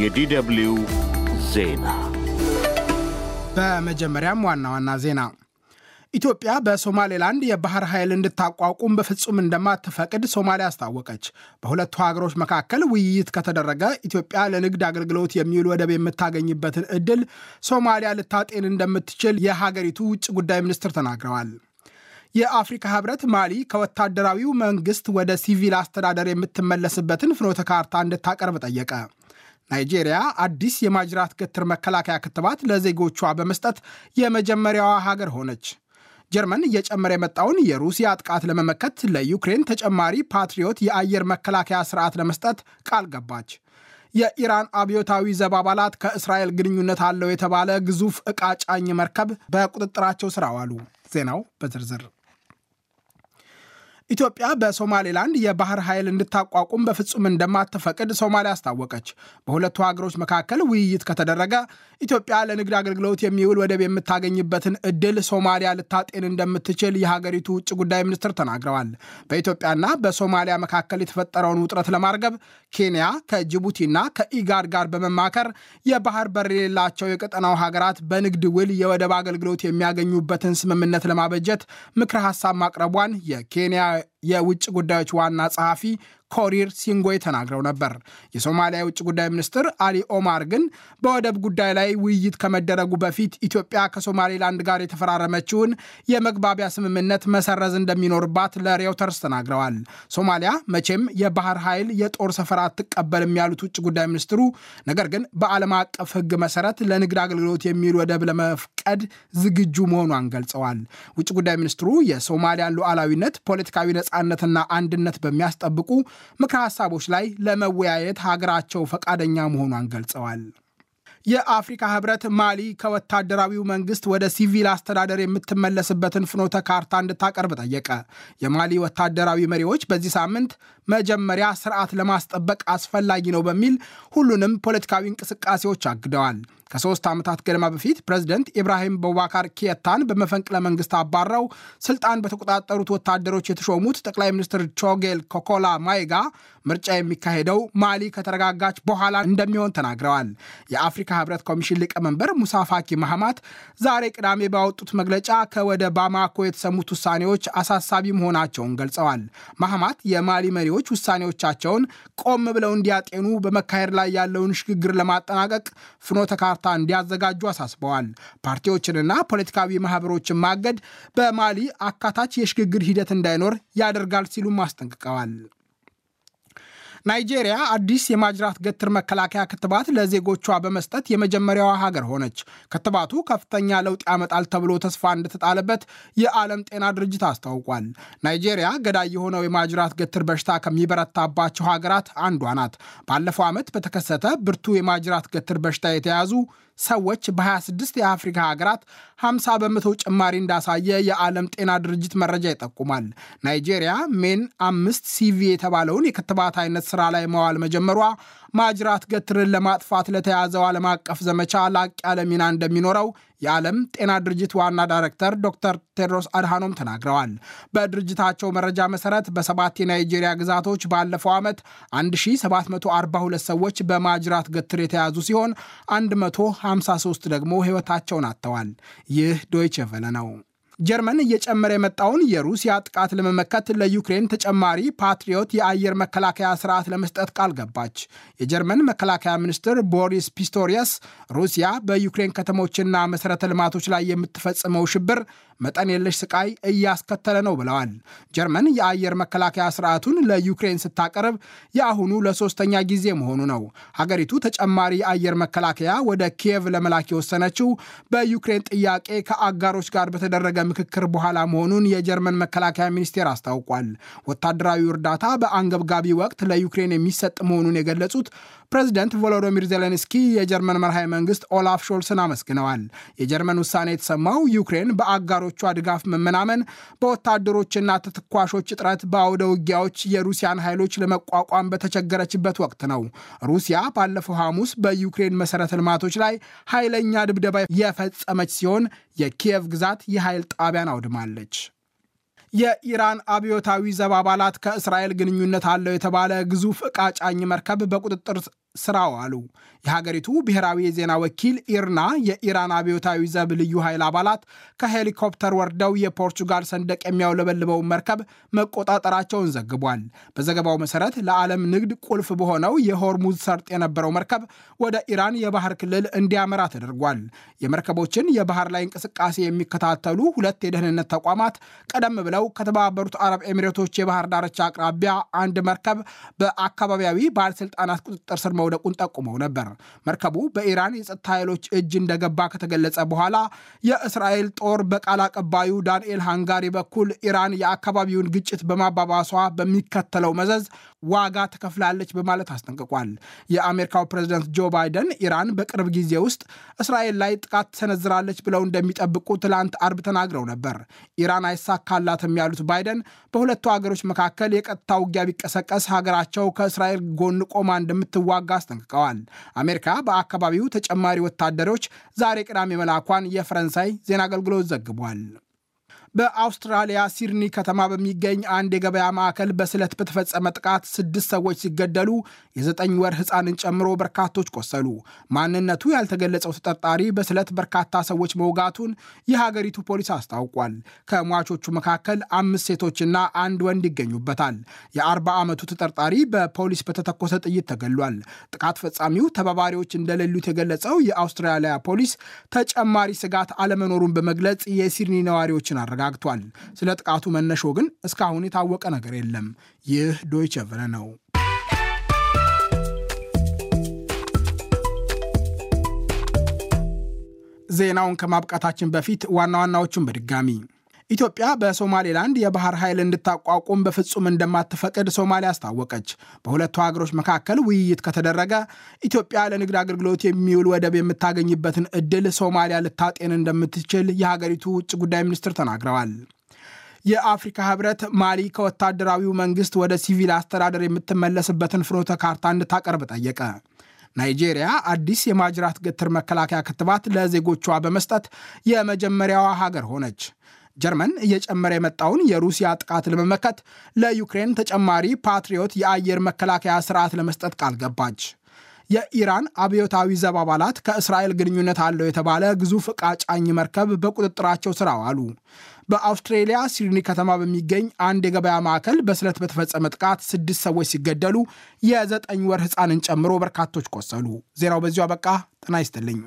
የዲደብሊው ዜና በመጀመሪያም ዋና ዋና ዜና ኢትዮጵያ በሶማሌላንድ የባህር ኃይል እንድታቋቁም በፍጹም እንደማትፈቅድ ሶማሊያ አስታወቀች። በሁለቱ ሀገሮች መካከል ውይይት ከተደረገ ኢትዮጵያ ለንግድ አገልግሎት የሚውል ወደብ የምታገኝበትን ዕድል ሶማሊያ ልታጤን እንደምትችል የሀገሪቱ ውጭ ጉዳይ ሚኒስትር ተናግረዋል። የአፍሪካ ህብረት ማሊ ከወታደራዊው መንግስት ወደ ሲቪል አስተዳደር የምትመለስበትን ፍኖተ ካርታ እንድታቀርብ ጠየቀ። ናይጄሪያ አዲስ የማጅራት ገትር መከላከያ ክትባት ለዜጎቿ በመስጠት የመጀመሪያዋ ሀገር ሆነች። ጀርመን እየጨመረ የመጣውን የሩሲያ ጥቃት ለመመከት ለዩክሬን ተጨማሪ ፓትሪዮት የአየር መከላከያ ስርዓት ለመስጠት ቃል ገባች። የኢራን አብዮታዊ ዘብ አባላት ከእስራኤል ግንኙነት አለው የተባለ ግዙፍ ዕቃ ጫኝ መርከብ በቁጥጥራቸው ስር አዋሉ። ዜናው በዝርዝር ኢትዮጵያ በሶማሌላንድ የባህር ኃይል እንድታቋቁም በፍጹም እንደማትፈቅድ ሶማሊያ አስታወቀች። በሁለቱ ሀገሮች መካከል ውይይት ከተደረገ ኢትዮጵያ ለንግድ አገልግሎት የሚውል ወደብ የምታገኝበትን እድል ሶማሊያ ልታጤን እንደምትችል የሀገሪቱ ውጭ ጉዳይ ሚኒስትር ተናግረዋል። በኢትዮጵያና በሶማሊያ መካከል የተፈጠረውን ውጥረት ለማርገብ ኬንያ ከጅቡቲና ከኢጋድ ጋር በመማከር የባህር በር የሌላቸው የቀጠናው ሀገራት በንግድ ውል የወደብ አገልግሎት የሚያገኙበትን ስምምነት ለማበጀት ምክረ ሀሳብ ማቅረቧን የኬንያ I የውጭ ጉዳዮች ዋና ጸሐፊ ኮሪር ሲንጎይ ተናግረው ነበር። የሶማሊያ የውጭ ጉዳይ ሚኒስትር አሊ ኦማር ግን በወደብ ጉዳይ ላይ ውይይት ከመደረጉ በፊት ኢትዮጵያ ከሶማሌላንድ ጋር የተፈራረመችውን የመግባቢያ ስምምነት መሰረዝ እንደሚኖርባት ለሬውተርስ ተናግረዋል። ሶማሊያ መቼም የባህር ኃይል የጦር ሰፈር አትቀበልም ያሉት ውጭ ጉዳይ ሚኒስትሩ፣ ነገር ግን በዓለም አቀፍ ሕግ መሰረት ለንግድ አገልግሎት የሚውል ወደብ ለመፍቀድ ዝግጁ መሆኗን ገልጸዋል። ውጭ ጉዳይ ሚኒስትሩ የሶማሊያን ሉዓላዊነት፣ ፖለቲካዊ ነጻ ነፃነትና አንድነት በሚያስጠብቁ ምክረ ሀሳቦች ላይ ለመወያየት ሀገራቸው ፈቃደኛ መሆኗን ገልጸዋል። የአፍሪካ ህብረት ማሊ ከወታደራዊው መንግስት ወደ ሲቪል አስተዳደር የምትመለስበትን ፍኖተ ካርታ እንድታቀርብ ጠየቀ። የማሊ ወታደራዊ መሪዎች በዚህ ሳምንት መጀመሪያ ስርዓት ለማስጠበቅ አስፈላጊ ነው በሚል ሁሉንም ፖለቲካዊ እንቅስቃሴዎች አግደዋል። ከሶስት ዓመታት ገደማ በፊት ፕሬዝደንት ኢብራሂም ቦባካር ኪየታን በመፈንቅለ መንግስት አባረው ስልጣን በተቆጣጠሩት ወታደሮች የተሾሙት ጠቅላይ ሚኒስትር ቾጌል ኮኮላ ማይጋ ምርጫ የሚካሄደው ማሊ ከተረጋጋች በኋላ እንደሚሆን ተናግረዋል። የአፍሪካ ህብረት ኮሚሽን ሊቀመንበር ሙሳ ፋኪ ማህማት ዛሬ ቅዳሜ ባወጡት መግለጫ ከወደ ባማኮ የተሰሙት ውሳኔዎች አሳሳቢ መሆናቸውን ገልጸዋል። ማህማት የማሊ መሪዎች ውሳኔዎቻቸውን ቆም ብለው እንዲያጤኑ በመካሄድ ላይ ያለውን ሽግግር ለማጠናቀቅ ፍኖተ ካርታ እንዲያዘጋጁ አሳስበዋል። ፓርቲዎችንና ፖለቲካዊ ማህበሮችን ማገድ በማሊ አካታች የሽግግር ሂደት እንዳይኖር ያደርጋል ሲሉም አስጠንቅቀዋል። ናይጄሪያ አዲስ የማጅራት ገትር መከላከያ ክትባት ለዜጎቿ በመስጠት የመጀመሪያዋ ሀገር ሆነች። ክትባቱ ከፍተኛ ለውጥ ያመጣል ተብሎ ተስፋ እንደተጣለበት የዓለም ጤና ድርጅት አስታውቋል። ናይጄሪያ ገዳይ የሆነው የማጅራት ገትር በሽታ ከሚበረታባቸው ሀገራት አንዷ ናት። ባለፈው ዓመት በተከሰተ ብርቱ የማጅራት ገትር በሽታ የተያዙ ሰዎች በ26 የአፍሪካ ሀገራት 50 በመቶ ጭማሪ እንዳሳየ የዓለም ጤና ድርጅት መረጃ ይጠቁማል። ናይጄሪያ ሜን አምስት ሲቪ የተባለውን የክትባት አይነት ስራ ላይ መዋል መጀመሯ ማጅራት ገትርን ለማጥፋት ለተያዘው ዓለም አቀፍ ዘመቻ ላቅ ያለ ሚና እንደሚኖረው የዓለም ጤና ድርጅት ዋና ዳይሬክተር ዶክተር ቴድሮስ አድሃኖም ተናግረዋል። በድርጅታቸው መረጃ መሰረት በሰባት የናይጄሪያ ግዛቶች ባለፈው ዓመት 1742 ሰዎች በማጅራት ገትር የተያዙ ሲሆን 153 ደግሞ ሕይወታቸውን አጥተዋል። ይህ ዶይቼ ቬለ ነው። ጀርመን እየጨመረ የመጣውን የሩሲያ ጥቃት ለመመከት ለዩክሬን ተጨማሪ ፓትሪዮት የአየር መከላከያ ስርዓት ለመስጠት ቃል ገባች። የጀርመን መከላከያ ሚኒስትር ቦሪስ ፒስቶሪየስ ሩሲያ በዩክሬን ከተሞችና መሠረተ ልማቶች ላይ የምትፈጽመው ሽብር መጠን የለሽ ስቃይ እያስከተለ ነው ብለዋል። ጀርመን የአየር መከላከያ ስርዓቱን ለዩክሬን ስታቀርብ የአሁኑ ለሶስተኛ ጊዜ መሆኑ ነው። ሀገሪቱ ተጨማሪ የአየር መከላከያ ወደ ኪየቭ ለመላክ የወሰነችው በዩክሬን ጥያቄ ከአጋሮች ጋር በተደረገ ምክክር በኋላ መሆኑን የጀርመን መከላከያ ሚኒስቴር አስታውቋል። ወታደራዊ እርዳታ በአንገብጋቢ ወቅት ለዩክሬን የሚሰጥ መሆኑን የገለጹት ፕሬዚደንት ቮሎዶሚር ዜሌንስኪ የጀርመን መርሃዊ መንግስት ኦላፍ ሾልስን አመስግነዋል። የጀርመን ውሳኔ የተሰማው ዩክሬን በአጋሮቿ ድጋፍ መመናመን፣ በወታደሮችና ተተኳሾች እጥረት በአውደ ውጊያዎች የሩሲያን ኃይሎች ለመቋቋም በተቸገረችበት ወቅት ነው። ሩሲያ ባለፈው ሐሙስ በዩክሬን መሠረተ ልማቶች ላይ ኃይለኛ ድብደባ የፈጸመች ሲሆን የኪየቭ ግዛት የኃይል ጣቢያን አውድማለች። የኢራን አብዮታዊ ዘብ አባላት ከእስራኤል ግንኙነት አለው የተባለ ግዙፍ ዕቃ ጫኝ መርከብ በቁጥጥር ስራ ዋሉ። የሀገሪቱ ብሔራዊ የዜና ወኪል ኢርና የኢራን አብዮታዊ ዘብ ልዩ ኃይል አባላት ከሄሊኮፕተር ወርደው የፖርቹጋል ሰንደቅ የሚያውለበልበውን መርከብ መቆጣጠራቸውን ዘግቧል። በዘገባው መሰረት ለዓለም ንግድ ቁልፍ በሆነው የሆርሙዝ ሰርጥ የነበረው መርከብ ወደ ኢራን የባህር ክልል እንዲያመራ ተደርጓል። የመርከቦችን የባህር ላይ እንቅስቃሴ የሚከታተሉ ሁለት የደህንነት ተቋማት ቀደም ብለው ከተባበሩት አረብ ኤሚሬቶች የባህር ዳርቻ አቅራቢያ አንድ መርከብ በአካባቢያዊ ባለስልጣናት ቁጥጥር ስር መውደቁን ጠቁመው ነበር። መርከቡ በኢራን የጸጥታ ኃይሎች እጅ እንደገባ ከተገለጸ በኋላ የእስራኤል ጦር በቃል አቀባዩ ዳንኤል ሃንጋሪ በኩል ኢራን የአካባቢውን ግጭት በማባባሷ በሚከተለው መዘዝ ዋጋ ትከፍላለች በማለት አስጠንቅቋል። የአሜሪካው ፕሬዝደንት ጆ ባይደን ኢራን በቅርብ ጊዜ ውስጥ እስራኤል ላይ ጥቃት ትሰነዝራለች ብለው እንደሚጠብቁ ትላንት አርብ ተናግረው ነበር። ኢራን አይሳካላትም ያሉት ባይደን በሁለቱ ሀገሮች መካከል የቀጥታ ውጊያ ቢቀሰቀስ ሀገራቸው ከእስራኤል ጎን ቆማ እንደምትዋጋ አስጠንቅቀዋል። አሜሪካ በአካባቢው ተጨማሪ ወታደሮች ዛሬ ቅዳሜ መላኳን የፈረንሳይ ዜና አገልግሎት ዘግቧል። በአውስትራሊያ ሲድኒ ከተማ በሚገኝ አንድ የገበያ ማዕከል በስለት በተፈጸመ ጥቃት ስድስት ሰዎች ሲገደሉ የዘጠኝ ወር ሕፃንን ጨምሮ በርካቶች ቆሰሉ። ማንነቱ ያልተገለጸው ተጠርጣሪ በስለት በርካታ ሰዎች መውጋቱን የሀገሪቱ ፖሊስ አስታውቋል። ከሟቾቹ መካከል አምስት ሴቶችና አንድ ወንድ ይገኙበታል። የአርባ ዓመቱ ተጠርጣሪ በፖሊስ በተተኮሰ ጥይት ተገሏል። ጥቃት ፈጻሚው ተባባሪዎች እንደሌሉት የገለጸው የአውስትራሊያ ፖሊስ ተጨማሪ ስጋት አለመኖሩን በመግለጽ የሲድኒ ነዋሪዎችን አረጋግጧል። ተወዳግቷል። ስለ ጥቃቱ መነሾ ግን እስካሁን የታወቀ ነገር የለም። ይህ ዶይቸ ቬለ ነው። ዜናውን ከማብቃታችን በፊት ዋና ዋናዎቹን በድጋሚ ኢትዮጵያ በሶማሌላንድ የባህር ኃይል እንድታቋቁም በፍጹም እንደማትፈቅድ ሶማሊያ አስታወቀች። በሁለቱ ሀገሮች መካከል ውይይት ከተደረገ ኢትዮጵያ ለንግድ አገልግሎት የሚውል ወደብ የምታገኝበትን እድል ሶማሊያ ልታጤን እንደምትችል የሀገሪቱ ውጭ ጉዳይ ሚኒስትር ተናግረዋል። የአፍሪካ ህብረት ማሊ ከወታደራዊው መንግስት ወደ ሲቪል አስተዳደር የምትመለስበትን ፍኖተ ካርታ እንድታቀርብ ጠየቀ። ናይጄሪያ አዲስ የማጅራት ገትር መከላከያ ክትባት ለዜጎቿ በመስጠት የመጀመሪያዋ ሀገር ሆነች። ጀርመን እየጨመረ የመጣውን የሩሲያ ጥቃት ለመመከት ለዩክሬን ተጨማሪ ፓትሪዮት የአየር መከላከያ ስርዓት ለመስጠት ቃል ገባች። የኢራን አብዮታዊ ዘብ አባላት ከእስራኤል ግንኙነት አለው የተባለ ግዙፍ ዕቃ ጫኝ መርከብ በቁጥጥራቸው ስር አዋሉ። በአውስትሬሊያ ሲድኒ ከተማ በሚገኝ አንድ የገበያ ማዕከል በስለት በተፈጸመ ጥቃት ስድስት ሰዎች ሲገደሉ የዘጠኝ ወር ሕፃንን ጨምሮ በርካቶች ቆሰሉ። ዜናው በዚሁ አበቃ። ጤና ይስጥልኝ።